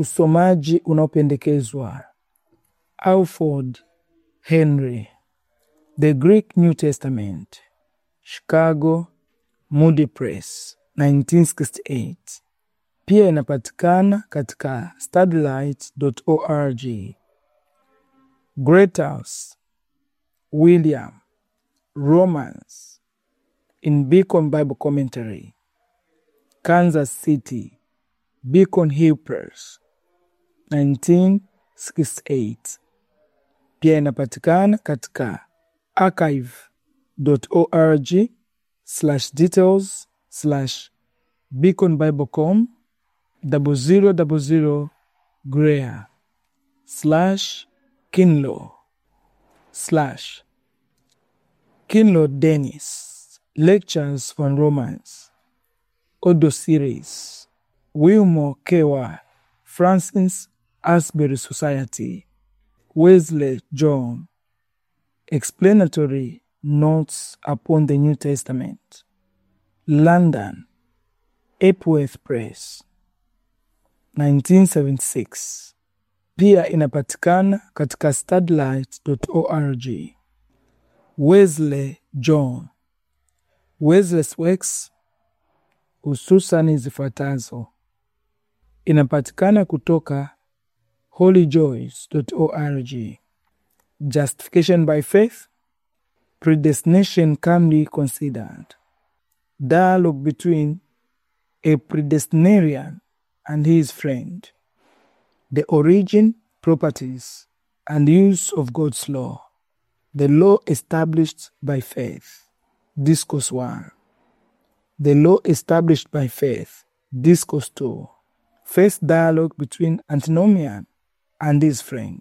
usomaji unaopendekezwa: Alford Henry, The Greek New Testament, Chicago, Moody Press, 1968. Pia inapatikana katika Great Greathouse, William, romans in Beacon Bible Commentary, Kansas City, Beacon Hill Press, 1968. Pia inapatikana katika archive.org slash details slash Beacon Biblecom 0000 Greer slash Kinlo slash Kinlo Dennis Lectures on Romance Audio Series Wilmo Kewa Francis Asbury Society, Wesley John. Explanatory Notes upon the New Testament, London, Epworth Press, 1976. Pia inapatikana katika studlight.org. Wesley John. Wesley's works hususani zifuatazo inapatikana kutoka holyjoys.org. Justification by faith, predestination calmly considered, dialogue between a predestinarian and his friend, the origin, properties, and use of God's law, the law established by faith. Discourse 1. The law established by faith. Discourse 2. First dialogue between antinomian and his friend.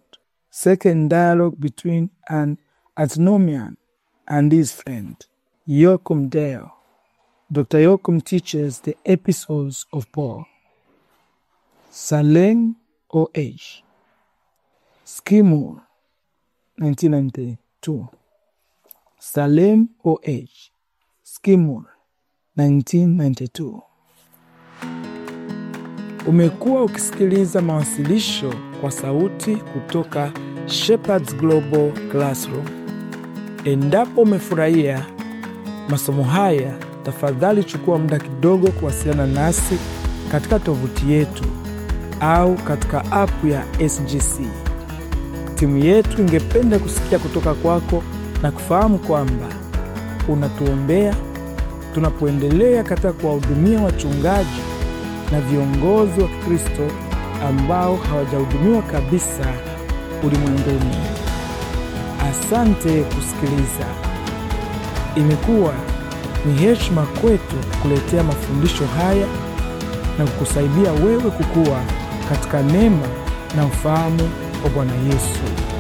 Second dialogue between an antinomian and his friend, Joachim Dale. Dr. Joachim teaches the episodes of Paul. Salem O.H. Skimo, 1992. Salem O.H. Skimo, 1992. Umekuwa ukisikiliza mawasilisho kwa sauti kutoka Shepherds Global Classroom. Endapo umefurahia masomo haya, tafadhali chukua muda kidogo kuwasiliana nasi katika tovuti yetu au katika apu ya SGC. Timu yetu ingependa kusikia kutoka kwako na kufahamu kwamba unatuombea tunapoendelea katika kuwahudumia wachungaji na viongozi wa Kikristo ambao hawajahudumiwa kabisa ulimwenguni. Asante kusikiliza. Imekuwa ni heshima kwetu kukuletea mafundisho haya na kukusaidia wewe kukua katika neema na ufahamu wa Bwana Yesu.